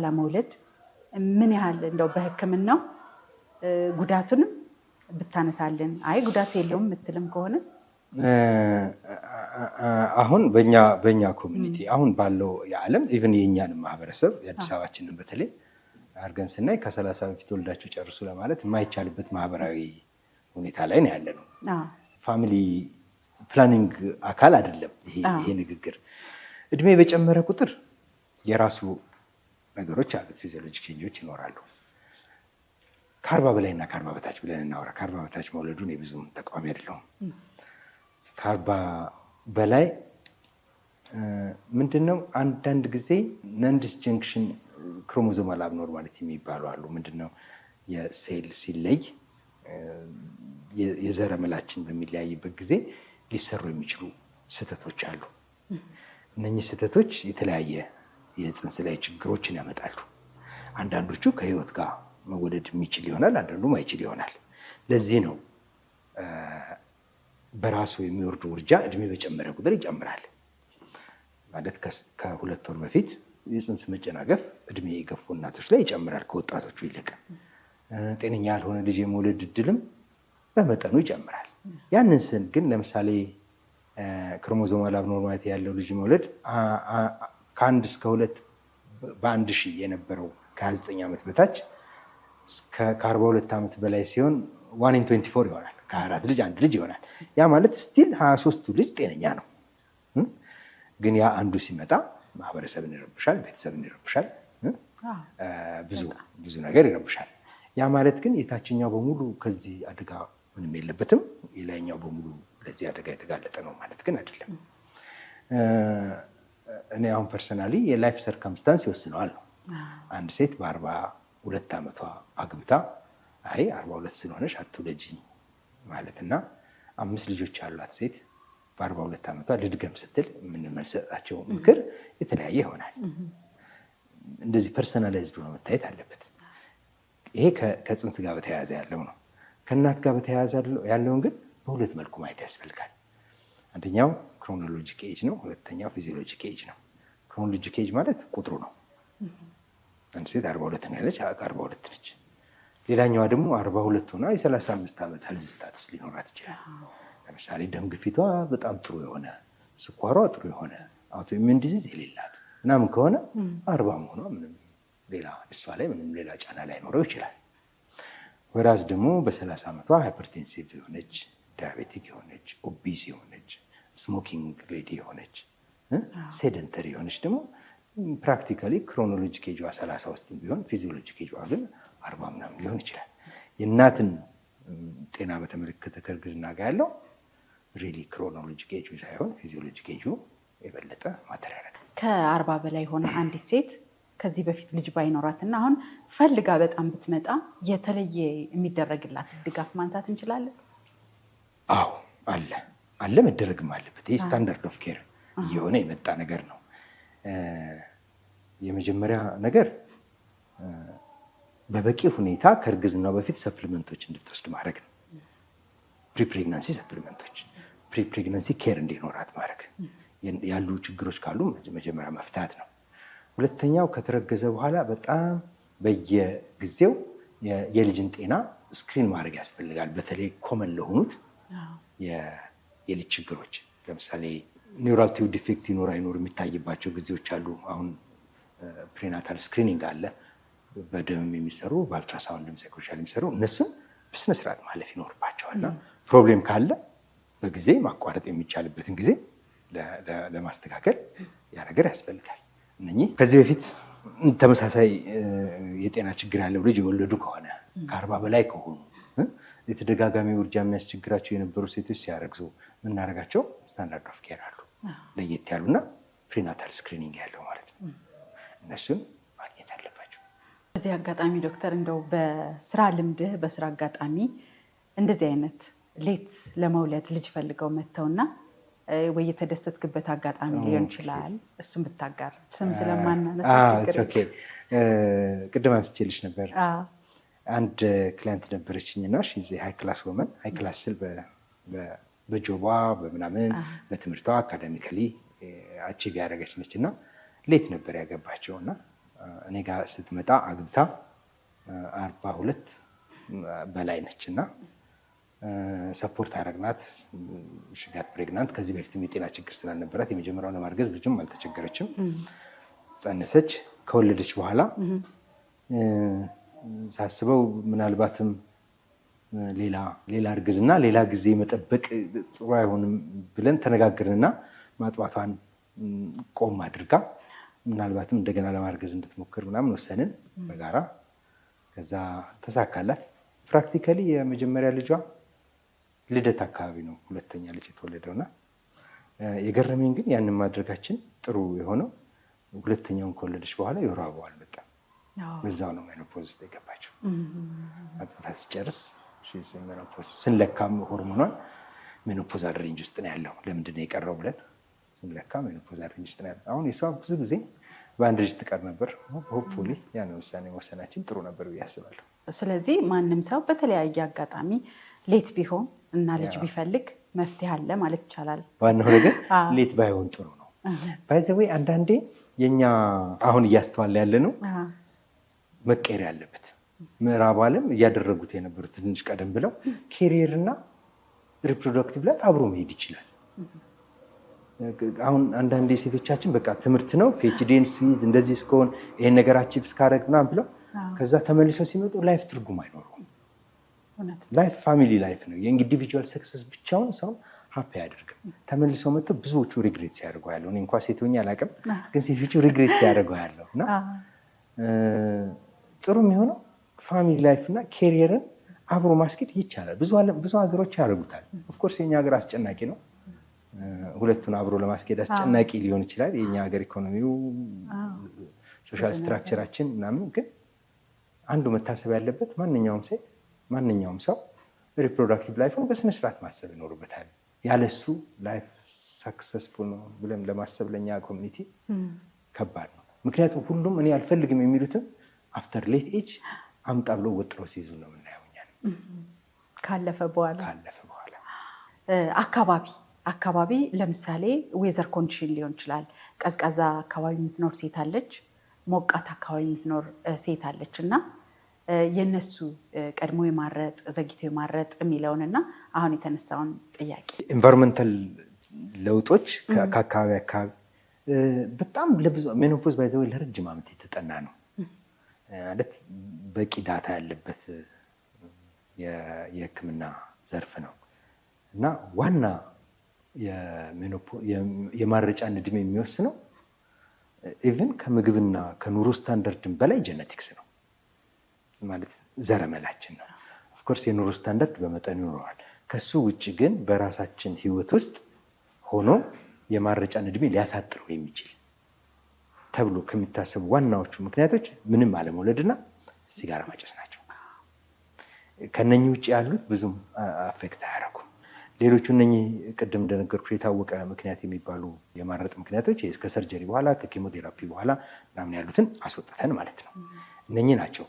በኋላ መውለድ ምን ያህል እንደው በህክምናው ጉዳቱንም ብታነሳልን። አይ ጉዳት የለውም የምትልም ከሆነ አሁን በኛ በእኛ ኮሚኒቲ አሁን ባለው የዓለም ኢቨን የእኛን ማህበረሰብ የአዲስ አበባችንን በተለይ አድርገን ስናይ ከሰላሳ በፊት ወልዳቸው ጨርሱ ለማለት የማይቻልበት ማህበራዊ ሁኔታ ላይ ነው ያለ ነው። ፋሚሊ ፕላኒንግ አካል አይደለም ይሄ ንግግር። እድሜ በጨመረ ቁጥር የራሱ ነገሮች አሉት። ፊዚዮሎጂ ኬንጆች ይኖራሉ። ከአርባ በላይ እና ከአርባ በታች ብለን እናወራ። ከአርባ በታች መውለዱን የብዙም ተቃዋሚ አይደለሁም። ከአርባ በላይ ምንድን ነው አንዳንድ ጊዜ ነንድስ ጀንክሽን ክሮሞዞማል አብኖርማሊቲ የሚባሉ አሉ። ምንድን ነው የሴል ሲለይ የዘረመላችን በሚለያይበት ጊዜ ሊሰሩ የሚችሉ ስህተቶች አሉ። እነኚህ ስህተቶች የተለያየ የጽንስ ላይ ችግሮችን ያመጣሉ። አንዳንዶቹ ከህይወት ጋር መወደድ የሚችል ይሆናል፣ አንዳንዱ አይችል ይሆናል። ለዚህ ነው በራሱ የሚወርዱ ውርጃ እድሜ በጨመረ ቁጥር ይጨምራል። ማለት ከሁለት ወር በፊት የፅንስ መጨናገፍ እድሜ የገፉ እናቶች ላይ ይጨምራል ከወጣቶቹ ይልቅ። ጤነኛ ያልሆነ ልጅ የመውለድ እድልም በመጠኑ ይጨምራል። ያንን ስን ግን ለምሳሌ ክሮሞዞማል አብኖርማሊቲ ያለው ልጅ መውለድ ከአንድ እስከ ሁለት በአንድ ሺህ የነበረው ከ29 ዓመት በታች ከ42 ዓመት በላይ ሲሆን ዋን ኢን ይሆናል። ከአራት ልጅ አንድ ልጅ ይሆናል። ያ ማለት ስቲል 23ቱ ልጅ ጤነኛ ነው። ግን ያ አንዱ ሲመጣ ማህበረሰብን ይረብሻል፣ ቤተሰብን ይረብሻል፣ ብዙ ብዙ ነገር ይረብሻል። ያ ማለት ግን የታችኛው በሙሉ ከዚህ አደጋ ምንም የለበትም፣ የላይኛው በሙሉ ለዚህ አደጋ የተጋለጠ ነው ማለት ግን አይደለም። እኔ አሁን ፐርሰናሊ የላይፍ ሰርከምስታንስ ይወስነዋል ነው። አንድ ሴት በአርባ ሁለት ዓመቷ አግብታ አይ አርባ ሁለት ስለሆነች አትውለጂ እና አምስት ልጆች ያሏት ሴት በአርባ ሁለት ዓመቷ ልድገም ስትል የምንመልሰጣቸው ምክር የተለያየ ይሆናል። እንደዚህ ፐርሰናላይዝድ ሆኖ መታየት አለበት። ይሄ ከፅንስ ጋር በተያያዘ ያለው ነው። ከእናት ጋር በተያያዘ ያለውን ግን በሁለት መልኩ ማየት ያስፈልጋል። አንደኛው ክሮኖሎጂክ ኤጅ ነው። ሁለተኛው ፊዚዮሎጂክ ኤጅ ነው። ክሮኖሎጂክ ኤጅ ማለት ቁጥሩ ነው። አንድ ሴት አርባ ሁለት ነው ያለች አርባ ሁለት ነች። ሌላኛዋ ደግሞ አርባ ሁለት ሆና የሰላሳ አምስት ዓመት ሄልዝ ስታትስ ሊኖራት ይችላል። ለምሳሌ ደም ግፊቷ በጣም ጥሩ የሆነ ስኳሯ ጥሩ የሆነ አውቶ ኢሚዩን ዲዚዝ የሌላት ምናምን ከሆነ አርባ መሆኗ ምንም ሌላ እሷ ላይ ምንም ሌላ ጫና ላይ ኖረው ይችላል። ወራዝ ደግሞ በሰላሳ ዓመቷ ሃይፐርቴንሲቭ የሆነች ዳያቤቲክ የሆነች ኦቢስ የሆነች ስሞኪንግ ሌዲ የሆነች ሴደንተሪ የሆነች ደግሞ ፕራክቲካሊ ክሮኖሎጂ ኤጇ ሰላሳ ውስጥ ቢሆን ፊዚዮሎጂክ ኤጇ ግን አርባ ምናምን ሊሆን ይችላል። የእናትን ጤና በተመለከተ ከእርግዝና ጋር ያለው ሪሊ ክሮኖሎጂ ኤጁ ሳይሆን ፊዚዮሎጂክ ኤጁ የበለጠ ማተር ከአርባ በላይ የሆነ አንዲት ሴት ከዚህ በፊት ልጅ ባይኖራት እና አሁን ፈልጋ በጣም ብትመጣ የተለየ የሚደረግላት ድጋፍ ማንሳት እንችላለን? አዎ አለ። አለ መደረግም አለበት። ይህ ስታንዳርድ ኦፍ ኬር እየሆነ የመጣ ነገር ነው። የመጀመሪያ ነገር በበቂ ሁኔታ ከእርግዝናው በፊት ሰፕሊመንቶች እንድትወስድ ማድረግ ነው። ፕሪፕሬግናንሲ ሰፕሊመንቶች፣ ፕሪፕሬግናንሲ ኬር እንዲኖራት ማድረግ ያሉ ችግሮች ካሉ መጀመሪያ መፍታት ነው። ሁለተኛው ከተረገዘ በኋላ በጣም በየጊዜው የልጅን ጤና ስክሪን ማድረግ ያስፈልጋል። በተለይ ኮመን ለሆኑት የልጅ ችግሮች ለምሳሌ ኒውራልቲቭ ዲፌክት ይኖር አይኖር የሚታይባቸው ጊዜዎች አሉ። አሁን ፕሪናታል ስክሪኒንግ አለ፣ በደምም የሚሰሩ በአልትራሳውንድም ሳይኮሻል የሚሰሩ እነሱም በስነስርዓት ማለፍ ይኖርባቸዋል እና ፕሮብሌም ካለ በጊዜ ማቋረጥ የሚቻልበትን ጊዜ ለማስተካከል ያ ነገር ያስፈልጋል። እነኚህ ከዚህ በፊት ተመሳሳይ የጤና ችግር ያለው ልጅ የወለዱ ከሆነ ከአርባ በላይ ከሆኑ የተደጋጋሚ ውርጃ የሚያስቸግራቸው የነበሩ ሴቶች ሲያረግዙ የምናደርጋቸው ስታንዳርድ ኦፍ ኬር አሉ፣ ለየት ያሉና ፕሪናታል ስክሪኒንግ ያለው ማለት ነው። እነሱን ማግኘት አለባቸው። በዚህ አጋጣሚ ዶክተር እንደው በስራ ልምድህ በስራ አጋጣሚ እንደዚህ አይነት ሌት ለመውለድ ልጅ ፈልገው መጥተውና ወይ የተደሰትክበት አጋጣሚ ሊሆን ይችላል። እሱም ብታጋር ስም ስለማናነሳ ቅድም አንስቼልሽ ነበር አንድ ክላይንት ነበረችኝ እና ሃይ ክላስ ወመን ሃይ ክላስ ስል በጆባ በምናምን በትምህርቷ አካደሚካሊ አቺቭ ያደረገች ነች እና ሌት ነበር ያገባቸው እና እኔ ጋር ስትመጣ አግብታ አርባ ሁለት በላይ ነች እና ሰፖርት አረግናት ሽጋት ፕሬግናንት ከዚህ በፊትም የጤና ችግር ስላልነበራት የመጀመሪያው ለማርገዝ ብዙም አልተቸገረችም። ጸነሰች። ከወለደች በኋላ ሳስበው ምናልባትም ሌላ ሌላ እርግዝና ሌላ ጊዜ መጠበቅ ጥሩ አይሆንም ብለን ተነጋግርንና ማጥባቷን ቆም አድርጋ ምናልባትም እንደገና ለማርገዝ እንድትሞክር ምናምን ወሰንን በጋራ። ከዛ ተሳካላት። ፕራክቲካሊ የመጀመሪያ ልጇ ልደት አካባቢ ነው ሁለተኛ ልጅ የተወለደውና የገረመኝ ግን ያንን ማድረጋችን ጥሩ የሆነው ሁለተኛውን ከወለደች በኋላ የወር አበባው አልመጣም። በዛው ነው ሜኖፖዝ ውስጥ የገባቸው። አጥብታ ስጨርስ ሜኖፖዝ ስንለካም ሆርሞኗን ሜኖፖዝ አድሬንጅ ውስጥ ነው ያለው። ለምንድን ነው የቀረው ብለን ስንለካ ውስጥ ነው ያለው። አሁን ብዙ ጊዜ በአንድ ልጅ ትቀር ነበር። ሆፕፉሊ ያን ውሳኔ መወሰናችን ጥሩ ነበር ብዬ አስባለሁ። ስለዚህ ማንም ሰው በተለያየ አጋጣሚ ሌት ቢሆን እና ልጅ ቢፈልግ መፍትሄ አለ ማለት ይቻላል። ዋናው ነገር ሌት ባይሆን ጥሩ ነው። ባይዘዌ አንዳንዴ የኛ አሁን እያስተዋለ ያለ ነው መቀየር ያለበት ምዕራብ ዓለም እያደረጉት የነበሩ ትንሽ ቀደም ብለው ኬሪየር እና ሪፕሮዳክቲቭ ላይ አብሮ መሄድ ይችላል። አሁን አንዳንድ ሴቶቻችን በቃ ትምህርት ነው ፒኤችዲን ስይዝ እንደዚህ እስከሆን ይሄን ነገር አቺቭ እስካደረግ ምናምን ብለው ከዛ ተመልሰው ሲመጡ ላይፍ ትርጉም አይኖረውም። ላይፍ ፋሚሊ ላይፍ ነው። የኢንዲቪጁዋል ሰክሰስ ብቻውን ሰው ሀፒ አያደርግም። ተመልሰው መጥተው ብዙዎቹ ሪግሬት ሲያደርጉ ያለው እኔ እንኳ ሴቶኛ አላውቅም፣ ግን ሴቶቹ ሪግሬት ሲያደርጉ ያለው እና ጥሩ የሚሆነው ፋሚሊ ላይፍ እና ኬሪየርን አብሮ ማስኬድ ይቻላል። ብዙ ሀገሮች ያደርጉታል። ኦፍኮርስ የኛ ሀገር አስጨናቂ ነው። ሁለቱን አብሮ ለማስኬድ አስጨናቂ ሊሆን ይችላል። የኛ ሀገር ኢኮኖሚው፣ ሶሻል ስትራክቸራችን ምናምን። ግን አንዱ መታሰብ ያለበት ማንኛውም ሴት ማንኛውም ሰው ሪፕሮዳክቲቭ ላይፍን በስነስርዓት ማሰብ ይኖርበታል። ያለሱ ላይፍ ሳክሰስፉል ነው ብለን ለማሰብ ለእኛ ኮሚኒቲ ከባድ ነው። ምክንያቱም ሁሉም እኔ አልፈልግም የሚሉትም አፍተር ሌት ኤጅ አምጣ ብሎ ወጥረው ሲይዙ ነው የምናየው። እኛን ካለፈ በኋላ ካለፈ በኋላ አካባቢ አካባቢ ለምሳሌ ዌዘር ኮንዲሽን ሊሆን ይችላል። ቀዝቃዛ አካባቢ የምትኖር ሴት አለች፣ ሞቃት አካባቢ የምትኖር ሴት አለች እና የእነሱ ቀድሞ የማረጥ ዘግይቶ የማረጥ የሚለውን እና አሁን የተነሳውን ጥያቄ ኢንቫይሮንመንታል ለውጦች ከአካባቢ አካባቢ በጣም ለብዙ ሜኖፖዝ ባይዘ ለረጅም ዓመት የተጠና ነው። ማለት በቂ ዳታ ያለበት የህክምና ዘርፍ ነው እና ዋና የማረጫን እድሜ የሚወስነው ኢቨን ከምግብና ከኑሮ ስታንዳርድን በላይ ጀነቲክስ ነው ማለት ዘረመላችን ነው። ኦፍኮርስ የኑሮ ስታንዳርድ በመጠኑ ይኖረዋል። ከሱ ውጭ ግን በራሳችን ህይወት ውስጥ ሆኖ የማረጫን እድሜ ሊያሳጥረው የሚችል ተብሎ ከሚታሰቡ ዋናዎቹ ምክንያቶች ምንም አለመውለድና ሲጋራ ማጨስ ናቸው። ከነኚህ ውጭ ያሉት ብዙም አፌክት አያደርጉም። ሌሎቹ እነኚህ ቅድም እንደነገርኩ የታወቀ ምክንያት የሚባሉ የማረጥ ምክንያቶች ከሰርጀሪ በኋላ ከኬሞቴራፒ በኋላ ምናምን ያሉትን አስወጥተን ማለት ነው። እነኚህ ናቸው።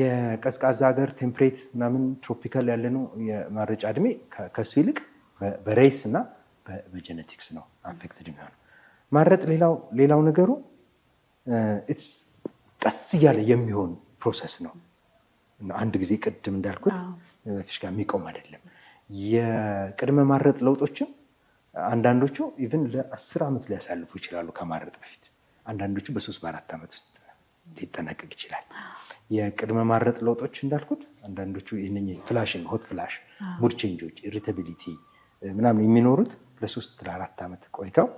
የቀዝቃዛ ሀገር ቴምፕሬት ምናምን ትሮፒካል ያለነው የማረጫ እድሜ ከሱ ይልቅ በሬስ እና በጀነቲክስ ነው አፌክትድ የሚሆነው ማረጥ። ሌላው ነገሩ ቀስ እያለ የሚሆን ፕሮሰስ ነው። አንድ ጊዜ ቅድም እንዳልኩት ፊሽካ የሚቆም አይደለም። የቅድመ ማረጥ ለውጦችም አንዳንዶቹ ኢቭን ለአስር ዓመት ሊያሳልፉ ይችላሉ ከማረጥ በፊት አንዳንዶቹ በሶስት በአራት ዓመት ውስጥ ሊጠናቀቅ ይችላል። የቅድመ ማረጥ ለውጦች እንዳልኩት አንዳንዶቹ ይህን ፍላሽን ሆት ፍላሽ፣ ሙድ ቼንጆች፣ ኢሪታቢሊቲ ምናምን የሚኖሩት ለሶስት ለአራት ዓመት ቆይተው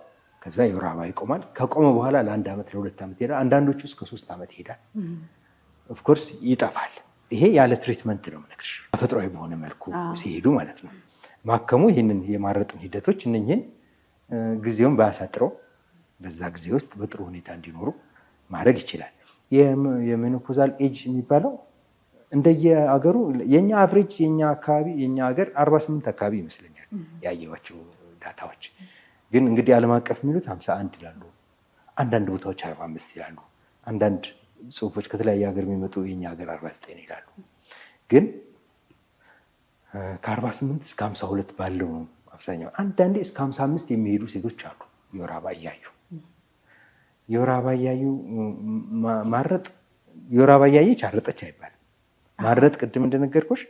ከዛ የወር ይቆማል። ከቆመ በኋላ ለአንድ ዓመት ለሁለት ዓመት ይሄዳል። አንዳንዶቹ እስከ ሶስት ዓመት ይሄዳል። ኦፍኮርስ ይጠፋል። ይሄ ያለ ትሪትመንት ነው የምነግርሽ፣ ተፈጥሯዊ በሆነ መልኩ ሲሄዱ ማለት ነው። ማከሙ ይህንን የማረጥን ሂደቶች እነኝህን ጊዜውን ባያሳጥረው በዛ ጊዜ ውስጥ በጥሩ ሁኔታ እንዲኖሩ ማድረግ ይችላል። የሜኖፖዛል ኤጅ የሚባለው እንደየአገሩ የኛ አቨሬጅ የኛ አካባቢ የኛ ሀገር 48 አካባቢ ይመስለኛል ያየዋቸው ዳታዎች ግን እንግዲህ ዓለም አቀፍ የሚሉት ሀምሳ አንድ ይላሉ። አንዳንድ ቦታዎች አርባ አምስት ይላሉ። አንዳንድ ጽሁፎች ከተለያየ ሀገር የሚመጡ የኛ ሀገር አርባ ዘጠኝ ይላሉ። ግን ከአርባ ስምንት እስከ ሀምሳ ሁለት ባለው ነው አብዛኛው። አንዳንዴ እስከ ሀምሳ አምስት የሚሄዱ ሴቶች አሉ የወር አበባ እያዩ የወር አበባ እያዩ ማረጥ የወር አበባ እያየች አረጠች አይባልም። ማረጥ ቅድም እንደነገርኩሽ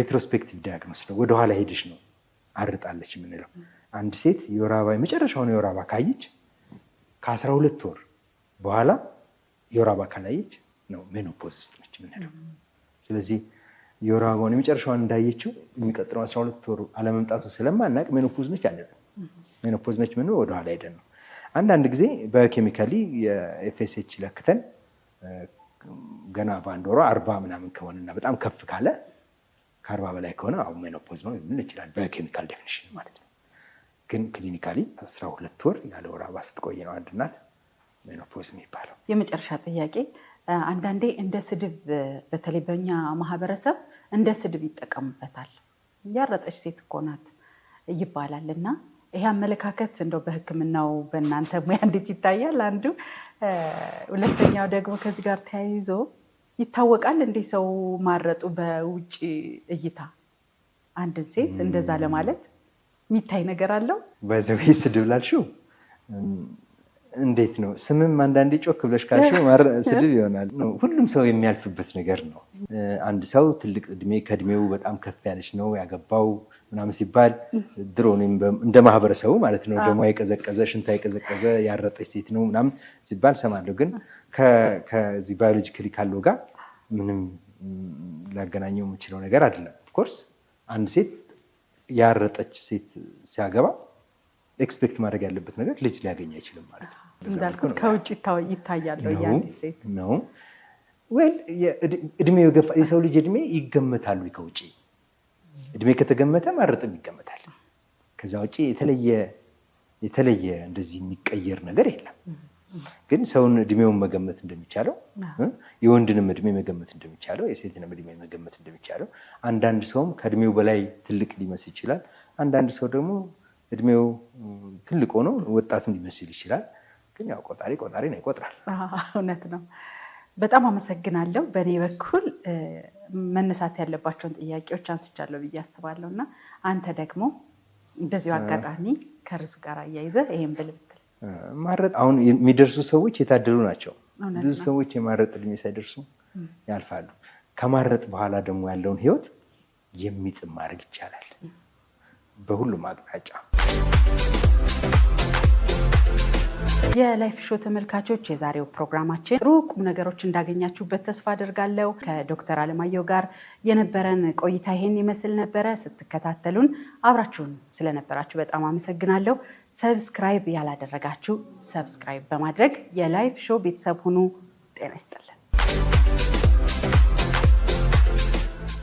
ሪትሮስፔክቲቭ ዳያግኖስ ነው፣ ወደኋላ ሄደሽ ነው አርጣለች የምንለው። አንድ ሴት የወር አበባ የመጨረሻውን የወር አበባ ካየች ከአስራ ሁለት ወር በኋላ የወር አበባ ካላየች ነው ሜኖፖዝ ውስጥ ነች የምንለው። ስለዚህ የወር አበባውን የመጨረሻውን እንዳየችው የሚቀጥለው አስራ ሁለት ወሩ አለመምጣቱ ስለማናቅ ሜኖፖዝ ነች አንልም። ሜኖፖዝ ነች ምን ወደኋላ ሄደን ነው። አንዳንድ ጊዜ በኬሚካሊ የኤፍኤስኤች ለክተን ገና በአንድ ወሯ አርባ ምናምን ከሆነና በጣም ከፍ ካለ ከአርባ በላይ ከሆነ አሁ ሜኖፖዝ ነው ምን ይችላል በኬሚካል ዴፊኒሽን ማለት ነው። ግን ክሊኒካሊ አስራ ሁለት ወር ያለ ወር አበባ ስትቆይ ነው አንድ እናት ሜኖፖዝ የሚባለው። የመጨረሻ ጥያቄ አንዳንዴ እንደ ስድብ በተለይ በኛ ማህበረሰብ እንደ ስድብ ይጠቀሙበታል። ያረጠች ሴት እኮ ናት ይባላል እና ይሄ አመለካከት እንደው በሕክምናው በእናንተ ሙያ እንዴት ይታያል? አንዱ ሁለተኛው ደግሞ ከዚህ ጋር ተያይዞ ይታወቃል እንዴ ሰው ማረጡ በውጭ እይታ አንድን ሴት እንደዛ ለማለት የሚታይ ነገር አለው? ባይዘዌ ስድብ ላልሽው እንዴት ነው ስምም አንዳንዴ ጮክ ብለሽ ካልሽው ስድብ ይሆናል። ሁሉም ሰው የሚያልፍበት ነገር ነው። አንድ ሰው ትልቅ እድሜ ከእድሜው በጣም ከፍ ያለች ነው ያገባው ምናምን ሲባል ድሮ እንደ ማህበረሰቡ ማለት ነው ደግሞ የቀዘቀዘ ሽንታ የቀዘቀዘ ያረጠች ሴት ነው ምናምን ሲባል ሰማለሁ። ግን ከዚህ ባዮሎጂካሊ ካለው ጋር ምንም ሊያገናኘው የምችለው ነገር አይደለም። ኦፍኮርስ አንድ ሴት ያረጠች ሴት ሲያገባ ኤክስፔክት ማድረግ ያለበት ነገር ልጅ ሊያገኝ አይችልም ማለት ነው። ከውጭ ይታያል ነው። ወይ የሰው ልጅ እድሜ ይገመታሉ ከውጭ እድሜ ከተገመተ ማረጥም ይገመታል። ከዛ ውጭ የተለየ የተለየ እንደዚህ የሚቀየር ነገር የለም። ግን ሰውን እድሜውን መገመት እንደሚቻለው የወንድንም እድሜ መገመት እንደሚቻለው የሴትንም እድሜ መገመት እንደሚቻለው አንዳንድ ሰውም ከእድሜው በላይ ትልቅ ሊመስል ይችላል። አንዳንድ ሰው ደግሞ እድሜው ትልቅ ሆኖ ወጣትም ሊመስል ይችላል። ግን ያው ቆጣሪ ቆጣሪ ነው ይቆጥራል። እውነት ነው። በጣም አመሰግናለሁ በእኔ በኩል መነሳት ያለባቸውን ጥያቄዎች አንስቻለሁ ብዬ አስባለሁ እና አንተ ደግሞ በዚሁ አጋጣሚ ከእርሱ ጋር አያይዘ ይህም ብልብትል ማረጥ አሁን የሚደርሱ ሰዎች የታደሉ ናቸው። ብዙ ሰዎች የማረጥ እድሜ ሳይደርሱ ያልፋሉ። ከማረጥ በኋላ ደግሞ ያለውን ህይወት የሚጥም ማድረግ ይቻላል በሁሉም አቅጣጫ የላይፍ ሾ ተመልካቾች የዛሬው ፕሮግራማችን ጥሩ ቁም ነገሮች እንዳገኛችሁበት ተስፋ አድርጋለሁ። ከዶክተር አለማየሁ ጋር የነበረን ቆይታ ይሄን ይመስል ነበረ። ስትከታተሉን አብራችሁን ስለነበራችሁ በጣም አመሰግናለሁ። ሰብስክራይብ ያላደረጋችሁ ሰብስክራይብ በማድረግ የላይፍ ሾ ቤተሰብ ሁኑ። ጤና ይስጥልን።